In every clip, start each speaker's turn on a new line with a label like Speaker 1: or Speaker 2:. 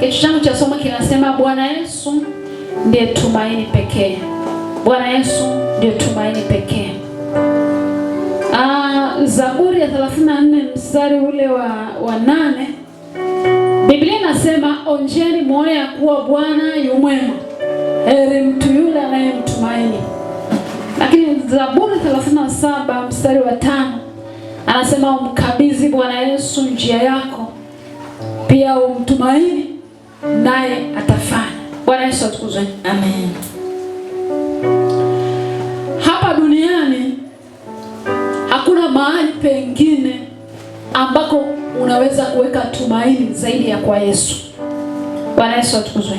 Speaker 1: Kichwa changu cha somo kinasema Bwana Yesu ndiye tumaini pekee. Bwana Yesu ndiye tumaini pekee. Ah, Zaburi ya 34 mstari ule wa, wa nane Biblia inasema onjeni muone ya kuwa Bwana yu mwema, heri mtu yule anayemtumaini. Lakini Zaburi 37 mstari wa tano anasema umkabidhi Bwana Yesu njia yako, pia umtumaini naye atafanya. Bwana Yesu atukuzwe, amen. Hapa duniani hakuna mahali pengine ambako unaweza kuweka tumaini zaidi ya kwa Yesu. Bwana Yesu atukuzwe.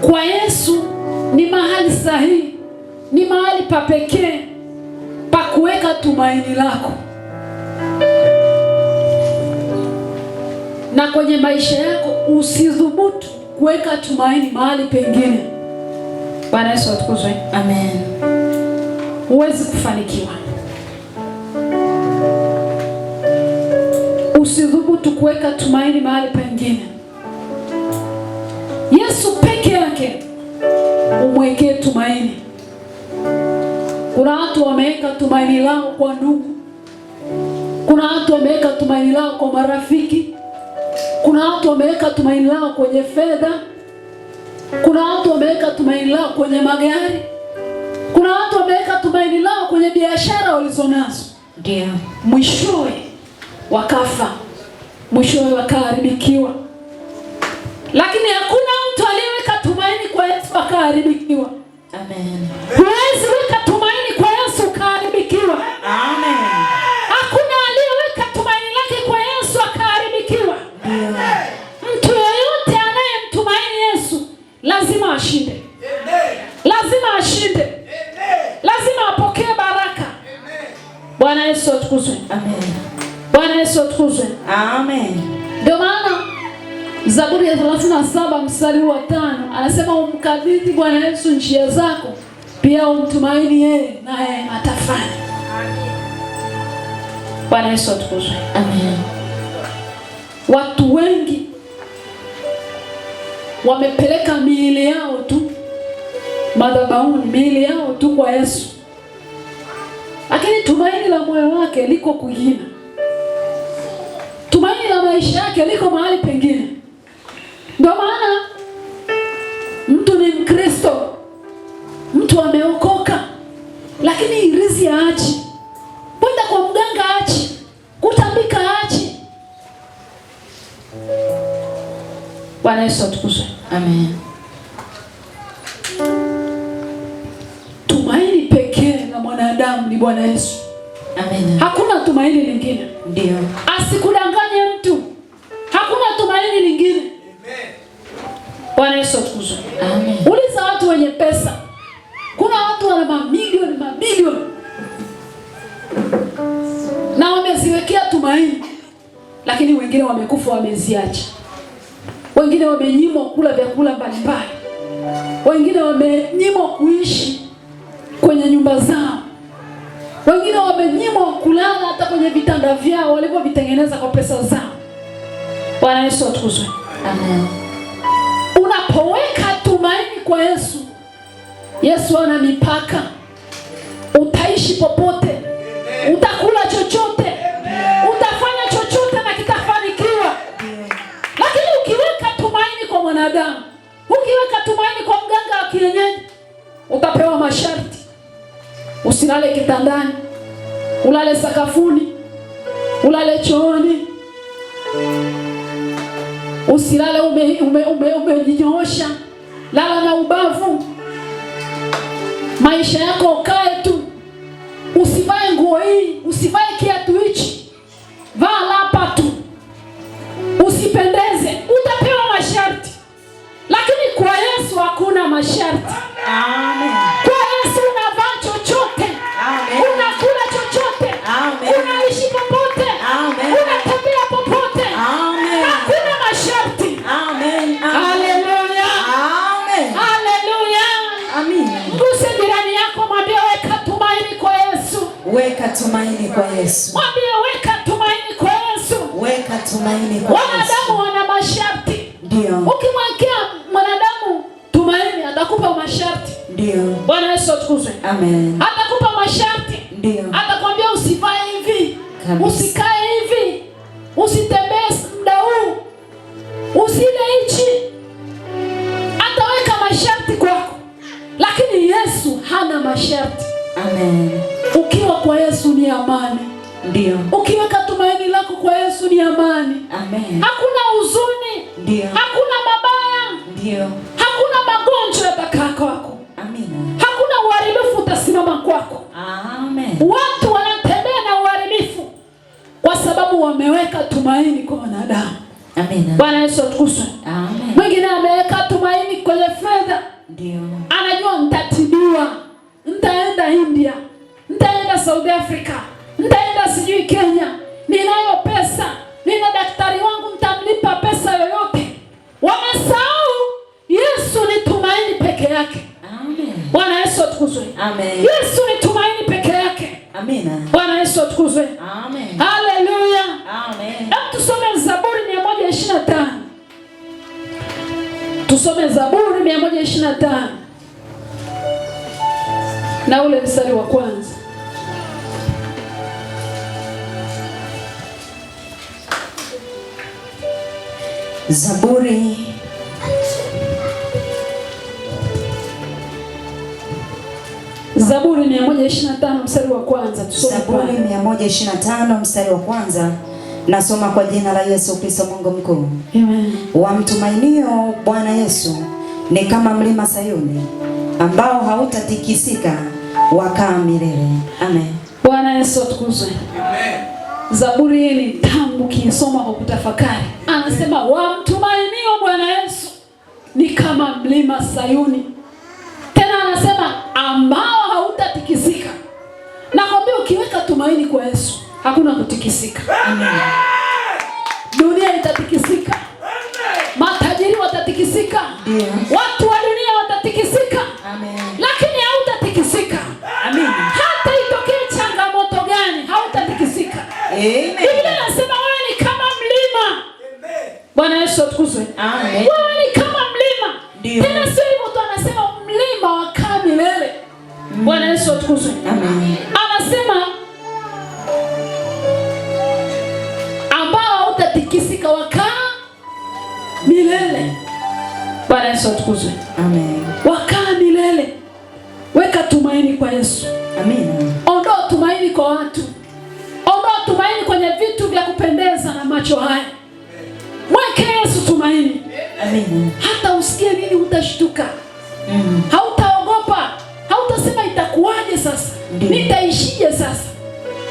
Speaker 1: Kwa Yesu ni mahali sahihi, ni mahali pa pekee pa kuweka tumaini lako. na kwenye maisha yako usidhubutu kuweka tumaini mahali pengine. Bwana Yesu atukuzwe, amen. Huwezi kufanikiwa, usidhubutu kuweka tumaini mahali pengine. Yesu peke yake umwekee tumaini. Kuna watu wameweka tumaini lao kwa ndugu, kuna watu wameweka tumaini lao kwa marafiki kuna watu wameweka tumaini lao kwenye fedha, kuna watu wameweka tumaini lao kwenye magari, kuna watu wameweka tumaini lao kwenye biashara walizonazo, ndio mwishowe wakafa, mwishowe wakaharibikiwa. Lakini hakuna mtu aliyeweka tumaini kwa Yesu akaharibikiwa. Amen. Huwezi weka tumaini kwa Yesu ukaharibikiwa.
Speaker 2: Amen.
Speaker 1: washinde. Lazima apokee baraka. Bwana Yesu atukuzwe. Amen. Bwana Yesu atukuzwe. Amen. Ndio maana Zaburi ya 37 mstari wa tano anasema umkabidhi Bwana Yesu njia zako, pia umtumaini yeye, naye atafanya. Bwana Yesu atukuzwe. Amen. Watu wengi wamepeleka miili yao tu ni miili yao tu kwa Yesu, lakini tumaini la moyo wake liko kwingine. Tumaini la maisha yake liko mahali pengine. Ndio maana mtu ni Mkristo, mtu ameokoka, lakini irizi haachi, kwenda kwa mganga haachi, kutambika haachi. Bwana Yesu atukuzwe, amen. Bwana Yesu. Amen. Hakuna tumaini lingine. Ndio. Asikudanganye mtu. Hakuna tumaini lingine.
Speaker 2: Amen.
Speaker 1: Bwana Yesu atukuzwe. Amen. Uliza watu wenye pesa. Kuna watu wana mamilioni mamilioni. Na wameziwekea tumaini. Lakini wengine wamekufa wameziacha. Wengine wamenyimwa kula vyakula mbalimbali. Wengine wamenyimwa kuishi kwenye nyumba zao. Wengine wamenyimwa kulala hata kwenye vitanda vyao walivyovitengeneza kwa pesa zao. Bwana Yesu atukuzwe. Amen. Unapoweka tumaini kwa Yesu, Yesu ana mipaka. Utaishi popote, utakula chochote, utafanya chochote na kitafanikiwa. Lakini ukiweka tumaini kwa mwanadamu, ukiweka tumaini kwa mganga wa kienyeji, utapewa masharti Usilale kitandani, ulale sakafuni, ulale chooni, usilale umejinyoosha, ume, ume, ume lala na ubavu. Maisha yako ukae tu, usivae nguo hii, usivae Ndio. Atakwambia usivae hivi, usikae hivi, usitembee muda huu, usile hichi. Ataweka masharti kwako, lakini Yesu hana masharti. Amen. Ukiwa kwa Yesu ni amani. Ndio. Ukiweka tumaini lako kwa Yesu ni amani. Amen. Hakuna huzuni. Ndio. Hakuna mabaya. Ndio. kusimama kwako. Amen. Watu wanatembea na uharibifu kwa sababu wameweka tumaini kwa wanadamu. Amen. Bwana Yesu atukuzwe. Amen. Mwingine ameweka tumaini kwenye fedha. Ndio. Anajua ntatibiwa Nitaenda India. ntaenda South Africa. Nitaenda sijui Kenya. Ninayo pesa. Nina daktari wangu ntamlipa pesa yoyote. Wamesahau Yesu ni tumaini peke yake. Amen. Bwana atukuzwe. Amen. Yesu ni tumaini peke yake. Amina. Bwana Yesu atukuzwe. Amen. Haleluya. Amen. Hebu tusome Zaburi 125. Tusome Zaburi 125. Na ule mstari wa kwanza. Zaburi Zaburi 125 mstari wa kwanza tusome.
Speaker 2: Zaburi 125 mstari wa kwanza nasoma kwa jina la Yesu Kristo Mungu mkuu. Amen. Wamtumainio Bwana Yesu ni kama mlima Sayuni ambao hautatikisika wakaa milele. Amen.
Speaker 1: Bwana Yesu atukuzwe. Amen. Zaburi hii ni tamu kiisoma kwa kutafakari. Anasema wamtumainio Bwana Yesu ni kama mlima Sayuni. Tena anasema ambao hautatikisika. Nakwambia, ukiweka tumaini kwa Yesu hakuna kutikisika. Amen. Dunia itatikisika, matajiri watatikisika, watu wa dunia watatikisika, Amen. lakini hautatikisika. Amen. hata itokee changamoto gani, hautatikisika.
Speaker 2: Biblia
Speaker 1: inasema wewe ni kama mlima. Bwana Yesu atukuzwe. Amen. nitaishije sasa?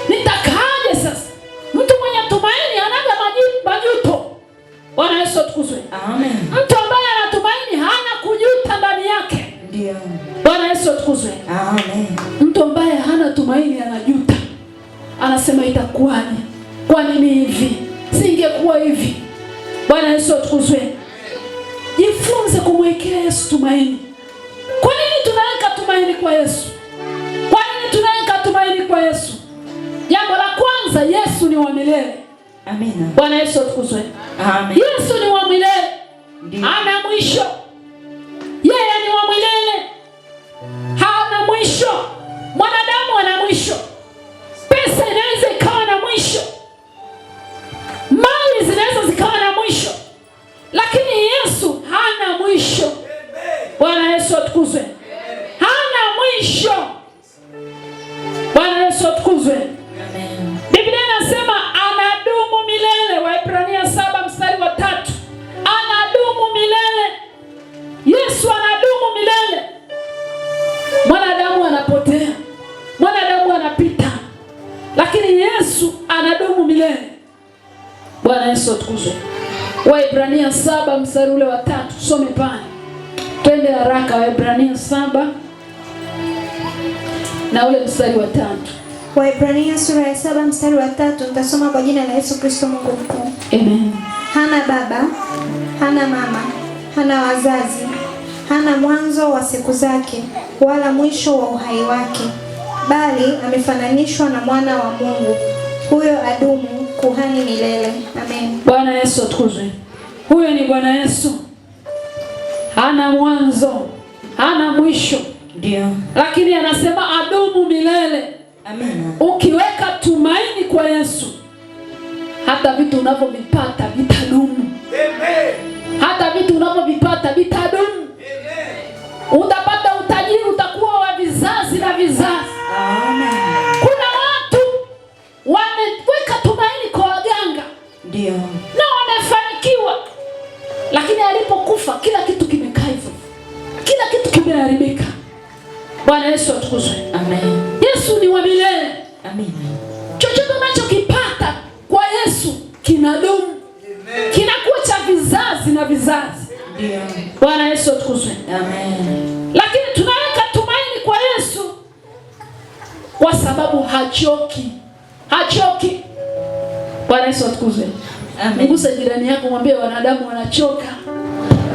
Speaker 1: Nitakaaje sasa? Mtu mwenye tumaini anaga majuto. Bwana Yesu atukuzwe. Amen. Mtu ambaye ana tumaini hana kujuta ndani yake. Ndio. Bwana Yesu atukuzwe. Amen. Mtu ambaye hana tumaini anajuta, anasema itakuwaje? Kwa nini hivi? Singekuwa hivi. Bwana Yesu atukuzwe. Jifunze kumwekea Yesu tumaini. Kwa nini tunaweka tumaini kwa Yesu? kwa Yesu. Jambo la kwanza, Yesu ni wa milele. Amina. Bwana Yesu atukuzwe. Amen. Yesu ni wa milele. Ana mwisho. Twende haraka Waebrania saba na ule mstari wa tatu.
Speaker 2: Waebrania sura ya saba mstari wa tatu nitasoma kwa jina la Yesu Kristo Mungu mkuu. Amen. Hana baba, hana mama, hana wazazi, hana mwanzo wa siku zake wala mwisho wa uhai wake, bali amefananishwa na mwana wa Mungu, huyo adumu kuhani milele. Amen.
Speaker 1: Bwana Yesu atukuzwe. Huyo ni Bwana Yesu hana mwanzo, hana mwisho. Ndio. Lakini anasema adumu milele. Amen. Ukiweka tumaini kwa Yesu, hata vitu unavyovipata vitadumu.
Speaker 2: Amen.
Speaker 1: Hata vitu unavyovipata vitadumu. Amen. Yesu atukuzwe. Amen. Yesu ni wa milele. Amen. Chochote unachokipata kwa Yesu kinadumu, Amen. kinakuwa cha vizazi na vizazi. Ndio. Bwana Yesu atukuzwe.
Speaker 2: Amen.
Speaker 1: Lakini tunaweka tumaini kwa Yesu kwa sababu hachoki, hachoki. Bwana Yesu atukuzwe. Amen. Mguse jirani yako, mwambie wanadamu wanachoka,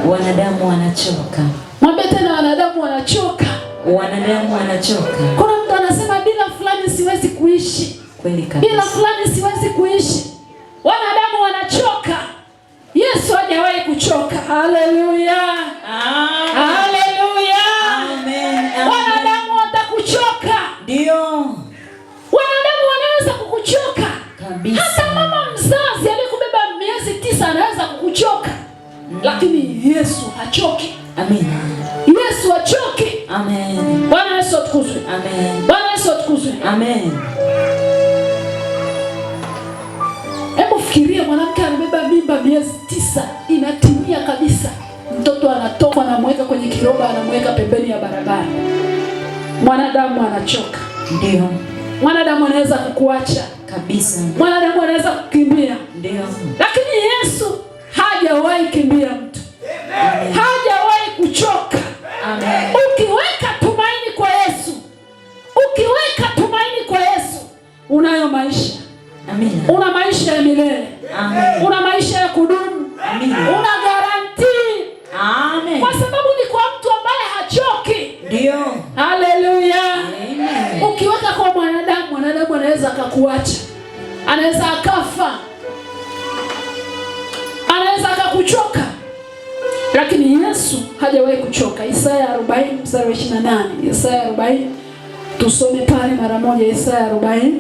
Speaker 2: wanadamu wanachoka.
Speaker 1: Mwambie tena wanadamu wanachoka
Speaker 2: wanadamu wanachoka.
Speaker 1: Kuna mtu anasema bila fulani siwezi kuishi. Kweli kabisa. Bila fulani siwezi kuishi. Wanadamu wanachoka. Yesu hajawahi kuchoka. Haleluya. Haleluya.
Speaker 2: Amen.
Speaker 1: Wanadamu watakuchoka. Ndio. Wanadamu wanaweza kukuchoka. Kabisa. Hata mama mzazi aliyekubeba miezi tisa anaweza kukuchoka. Mm. Lakini Yesu hachoki. Amen. Yesu achoke.
Speaker 2: Amen.
Speaker 1: Bwana Yesu atukuzwe. Amen. Bwana Yesu atukuzwe. Amen. Hebu fikiria mwanamke amebeba mimba miezi tisa, inatimia kabisa. Mtoto anatoka anamweka kwenye kiroba, anamweka pembeni ya barabara. Mwanadamu anachoka. Ndio. Mwanadamu anaweza kukuacha kabisa. Mwanadamu anaweza kukimbia. Ndio. Lakini Yesu hajawahi kimbia mtu. Amen. Haja kuchoka. Amen. Ukiweka tumaini kwa Yesu, ukiweka tumaini kwa Yesu, unayo maisha. Amen. Una maisha ya milele. Amen. Una maisha ya kudumu. Amen. Una garanti
Speaker 2: Amen.
Speaker 1: Kwa sababu ni kwa mtu ambaye hachoki. Ndio. Haleluya.
Speaker 2: Amen.
Speaker 1: Ukiweka kwa mwanadamu, mwanadamu anaweza akakuacha. Anaweza akafa. Lakini Yesu hajawahi kuchoka. Isaya 40 mstari wa 28. Isaya 40 tusome pale mara moja, Isaya 40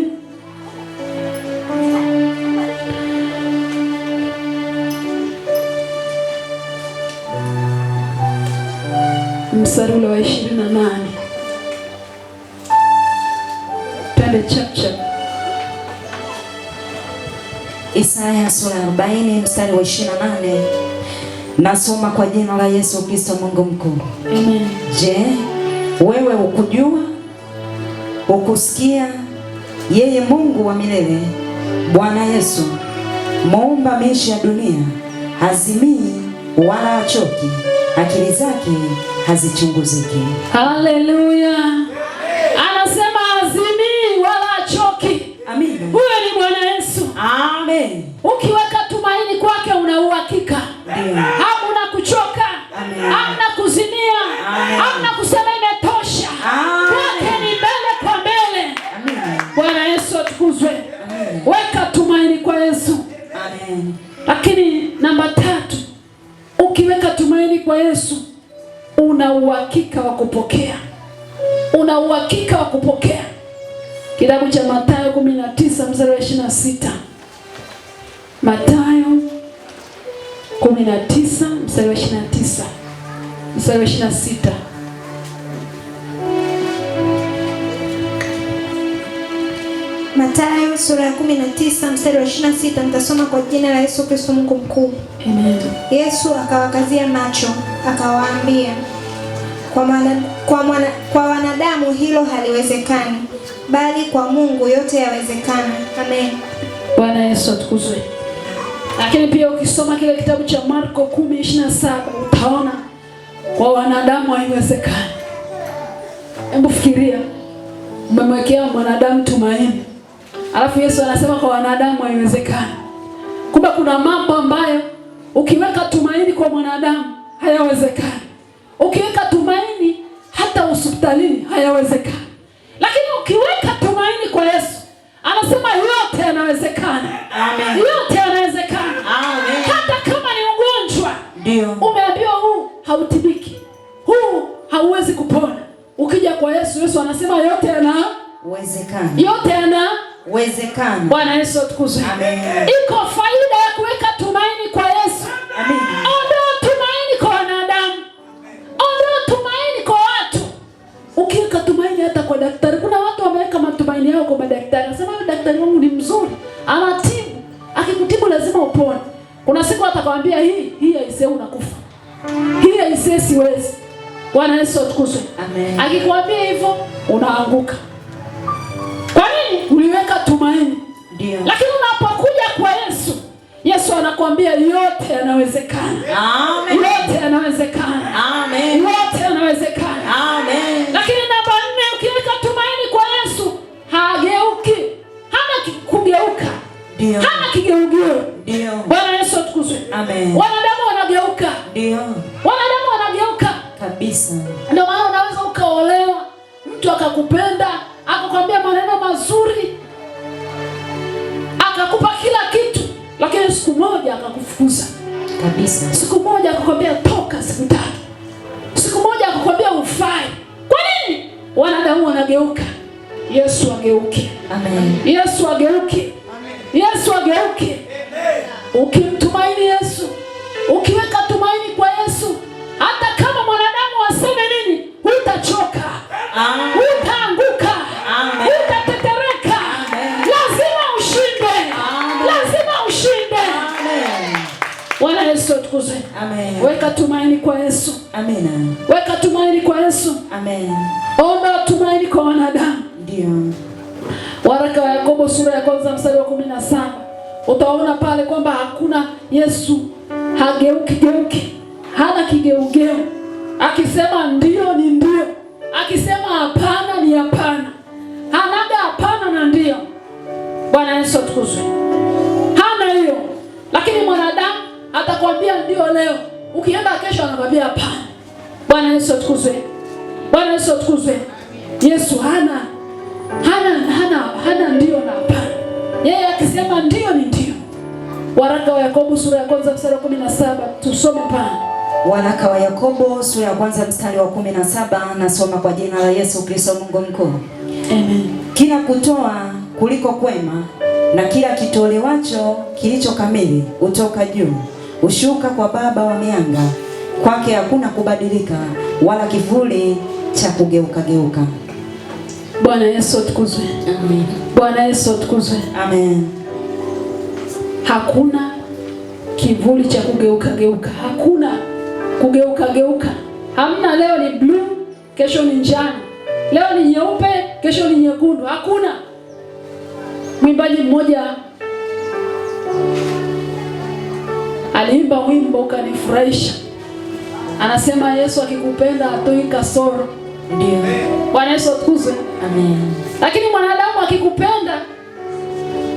Speaker 1: mstari ule wa 28. Pende chapchap
Speaker 2: Isaya sura ya 40 mstari wa 28. Nasoma kwa jina la Yesu Kristo Mungu mkuu. Amen. Je, wewe ukujua ukusikia yeye Mungu wa milele Bwana Yesu muumba maisha ya dunia, hazimii wala hachoki, akili zake hazichunguziki.
Speaker 1: Haleluya, anasema hazimii wala achoki. Amen. Huyo ni Bwana Yesu.
Speaker 2: Amen.
Speaker 1: Ukiweka kutumaini kwake una uhakika, hamna kuchoka, hamna kuzimia, hamna kusema imetosha. Kwake ni mbele kwa mbele. Bwana Yesu atukuzwe. Weka tumaini kwa Yesu. Amen. Lakini namba tatu, ukiweka tumaini kwa Yesu una uhakika wa kupokea, una uhakika wa kupokea. Kitabu cha Mathayo 19 mstari wa 26. Mathayo kumi na tisa mstari wa ishirini na tisa mstari wa ishirini na sita
Speaker 2: Matayo sura ya kumi na tisa mstari wa sita mtasoma kwa jina la Yesu Kristo Mungu mkuu. Amen. Yesu akawakazia macho akawaambia, kwa, mana, kwa, mana, kwa wanadamu hilo haliwezekani, bali kwa Mungu yote yawezekana. Amen.
Speaker 1: Bwana Yesu atukuzwe. Lakini pia ukisoma kile kitabu cha Marko 10:27 utaona kwa wanadamu haiwezekani. Hebu fikiria, umemwekea mwanadamu tumaini, alafu Yesu anasema kwa wanadamu haiwezekani. Kumbe kuna mambo ambayo ukiweka tumaini kwa mwanadamu hayawezekani, ukiweka tumaini hata hospitalini hayawezekani, lakini ukiweka tumaini kwa Yesu anasema yote yanawezekana, yote yanawezekana. Ndio. Umeambiwa huu hautibiki, huu hauwezi kupona. Ukija kwa Yesu, Yesu anasema yote yanawezekana, yote
Speaker 2: yanawezekana.
Speaker 1: Bwana Yesu atukuzwe. Amen. Iko faida ya kuweka tumaini kwa Yesu. Amen. Ondoa tumaini kwa wanadamu, ondoa tumaini kwa watu. Ukiweka tumaini hata kwa daktari, kuna watu wameweka matumaini yao kwa madaktari, anasema daktari wangu ni mzuri, anatibu, akikutibu lazima upone kuna siku atakwambia hii hii haisee, unakufa hii haisee, siwezi. Bwana Yesu atukuzwe, amen. Akikwambia hivyo unaanguka. Kwa nini? Uliweka tumaini. Ndio. Lakini unapokuja kwa Yesu, Yesu anakwambia yote yanawezekana.
Speaker 2: Amen.
Speaker 1: Yote yanawezekana. Amen. Yote yanawezekana.
Speaker 2: Amen.
Speaker 1: Lakini namba nne, ukiweka tumaini kwa Yesu hageuki, hana kugeuka kama kigeugeu. Bwana Yesu atukuzwe. Amen. Wanadamu wanageuka, wanadamu wanageuka kabisa. Ndio maana unaweza ukaolewa, mtu akakupenda, akakwambia maneno mazuri, akakupa kila kitu, lakini siku moja akakufukuza kabisa. Siku moja akakwambia toka, siku tatu. Siku moja akakwambia ufai. Kwa nini? Wanadamu wanageuka. Yesu ageuke. Amen. Yesu ageuke. Yesu ageuke. Ukimtumaini Yesu, ukiweka tumaini kwa Yesu, hata kama mwanadamu aseme nini, hutachoka, hutaanguka, hutatetereka. Lazima ushinde, lazima ushinde. Bwana Yesu atukuzwe. Weka tumaini kwa Yesu.
Speaker 2: Amen.
Speaker 1: Weka tumaini kwa Yesu. Amen. Omba tumaini kwa wanadamu. Ndio. Waraka wa Yakobo sura ya kwanza mstari wa kumi na saba utaona pale kwamba hakuna Yesu hageuki geuki, hana kigeugeu. Akisema ndio ni ndio, akisema hapana ni hapana, hanaga hapana na ndio. Bwana Yesu atukuzwe. Hana hiyo, lakini mwanadamu atakwambia ndio leo, ukienda kesho anakwambia hapana. Bwana Yesu atukuzwe. Bwana Yesu atukuzwe. Yesu hana hana hana hana ndio na hapana. Yeye akisema ndio ni ndio. Waraka wa Yakobo sura ya kwanza mstari wa 17 tusome pana.
Speaker 2: Waraka wa Yakobo sura ya kwanza mstari wa 17 nasoma kwa jina la Yesu Kristo Mungu mkuu. Amen. Kila kutoa kuliko kwema na kila kitolewacho kilicho kamili hutoka juu, hushuka kwa Baba wa mianga, kwake hakuna kubadilika wala kivuli cha kugeuka geuka.
Speaker 1: Bwana Yesu atukuzwe. Amen. Bwana Yesu atukuzwe. Amen. Hakuna kivuli cha kugeuka geuka, hakuna kugeuka geuka. Hamna leo ni blue, kesho ni njano, leo ni nyeupe, kesho ni nyekundu. Hakuna. Mwimbaji mmoja aliimba wimbo ukanifurahisha, anasema Yesu akikupenda atoi kasoro Bwana Yesu atukuzwe. Amen. Lakini mwanadamu akikupenda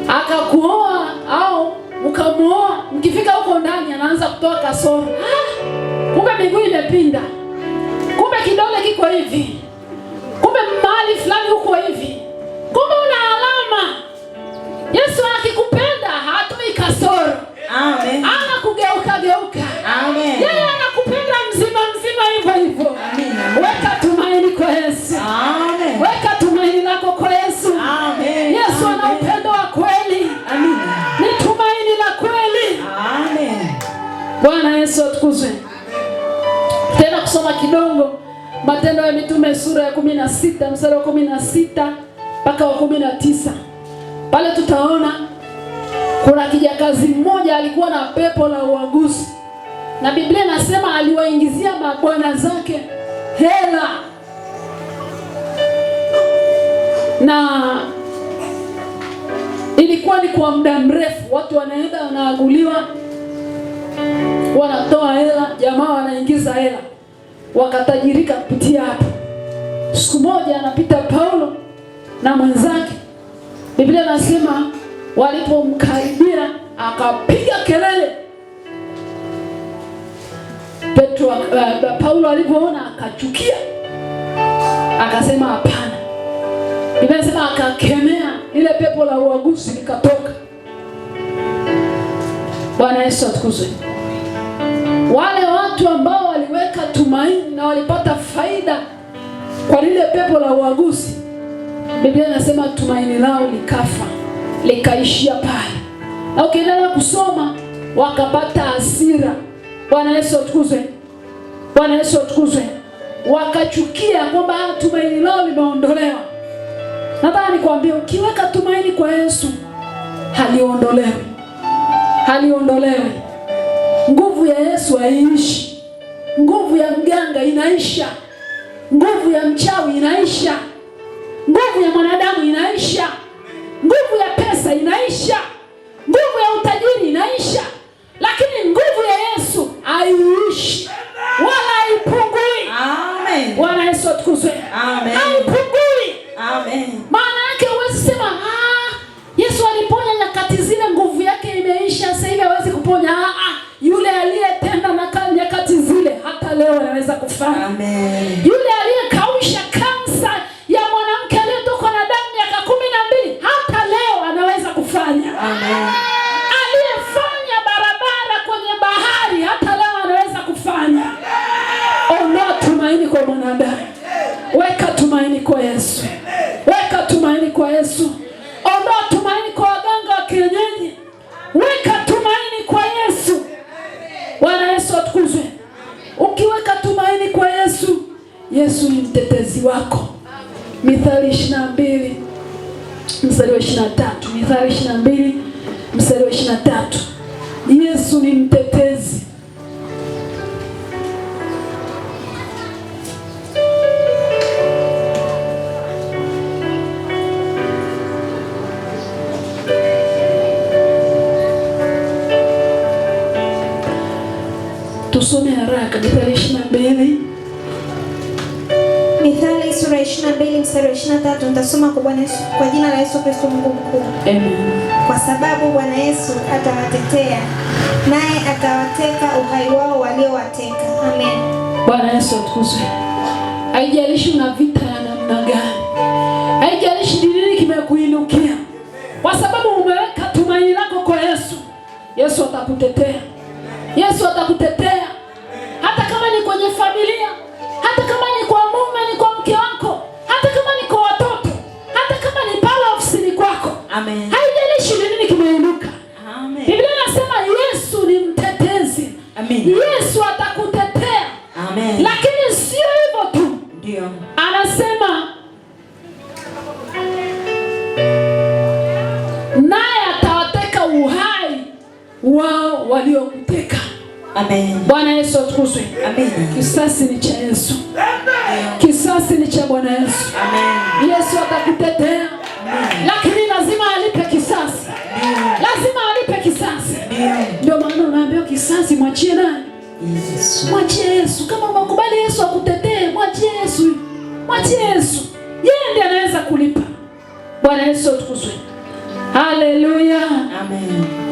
Speaker 1: akakuoa au ukamuoa, mkifika huko ndani anaanza kutoa kasoro. Ah! Kumbe miguu imepinda, kumbe kidole kiko hivi, kumbe mahali fulani huko hivi, kumbe una alama. Yesu akikupenda hatoi kasoro. Amen. Ana kugeuka geuka. Amen. Yeye anakupenda mzima mzima hivyo hivyo. Amen. Weka kwa Yesu.
Speaker 2: Amen.
Speaker 1: Weka tumaini lako kwa Yesu.
Speaker 2: Amen.
Speaker 1: Yesu ana upendo wa kweli. Amen. Ni tumaini la kweli.
Speaker 2: Amen.
Speaker 1: Bwana Yesu atukuzwe. Tena kusoma kidogo Matendo ya Mitume sura ya 16 mstari wa 16 mpaka wa 19. Pale tutaona kuna kijakazi mmoja alikuwa na pepo la uaguzi, na Biblia inasema aliwaingizia mabwana zake hela na ilikuwa ni kwa muda mrefu, watu wanaenda wanaaguliwa, wanatoa hela, jamaa wanaingiza hela, wakatajirika kupitia hapo. Siku moja anapita Paulo na mwenzake, Biblia nasema walipomkaribia akapiga kelele. Petro, uh, Paulo alipoona akachukia, akasema hapana Biblia inasema akakemea ile pepo la uaguzi likatoka. Bwana Yesu atukuzwe. Wale watu ambao waliweka tumaini na walipata faida kwa lile pepo la uaguzi, Biblia inasema tumaini lao likafa, likaishia pale, na ukiendelea kusoma wakapata hasira. Bwana Yesu atukuzwe. Bwana Yesu atukuzwe. Wakachukia kwamba tumaini lao limeondolewa. Nataka nikwambie ukiweka tumaini kwa Yesu haliondolewi, haliondolewi. Nguvu ya Yesu haiishi, nguvu ya mganga inaisha, nguvu ya mchawi inaisha, nguvu ya mwanadamu inaisha, nguvu ya pesa inaisha, nguvu ya utajiri inaisha, lakini nguvu ya Yesu haiishi wala haipungui.
Speaker 2: Amen.
Speaker 1: Bwana Yesu atukuzwe. Amen. Maana yake huwezi sema ah, Yesu aliponya nyakati zile, nguvu yake imeisha, sasa hivi hawezi kuponya. Ah, ah, yule aliyetenda na kale nyakati zile hata leo anaweza kufanya.
Speaker 2: Amen.
Speaker 1: Yule aliyekausha kansa ya mwanamke aliyetoka na damu miaka kumi na mbili hata leo anaweza kufanya. Amen. Aliyefanya barabara kwenye bahari hata leo anaweza kufanya. Ondoa tumaini kwa mwanadamu. Weka tumaini kwa Yesu. Weka tumaini kwa Yesu. Ondoa tumaini kwa waganga wa kienyeji, weka tumaini kwa Yesu. Bwana Yesu atukuzwe. Ukiweka tumaini kwa Yesu, Yesu ni mtetezi wako. Mithali 22 mstari wa 23, Mithali 22 mstari wa 23. Yesu ni mtetezi Mithali ishirini na mbili
Speaker 2: Mithali sura ya ishirini na mbili mstari wa ishirini na tatu nitasoma kwa Bwana Yesu, kwa jina la Yesu Kristo Mungu mkuu. Amen. Kwa sababu Bwana Yesu atawatetea naye atawateka uhai wao waliowateka. Amen.
Speaker 1: Bwana Yesu atukuzwe. Haijalishi una vita ya namna gani, haijalishi nini kimekuinukia, kwa sababu umeweka tumaini lako kwa Yesu, Yesu atakutetea. Yesu atakutetea hata kama ni kwenye familia, hata kama ni kwa mume, ni kwa mke wako, hata kama ni kwa watoto, hata kama ni pale ofisini kwako, haijalishi ni nini kimeinuka. Biblia inasema Yesu ni mtetezi. Amen. Yesu atakutetea. Amen. Lakini sio hivyo tu, ndio anasema naye atawateka uhai wao walio Bwana Yesu atukuzwe. Amen. Kisasi ni cha Yesu. Amen. Kisasi ni cha Bwana Yesu.
Speaker 2: Amen.
Speaker 1: Yesu atakutetea. Amen. Lakini lazima alipe kisasi. Amen. Lazima alipe kisasi. Amen. Ndio maana unaambiwa kisasi mwachie nani? Yesu. Mwachie Yesu. Kama unakubali Yesu akutetee, mwachie Yesu. Mwachie Yesu. Yeye ndiye anaweza kulipa. Bwana Yesu atukuzwe. Haleluya.
Speaker 2: Amen.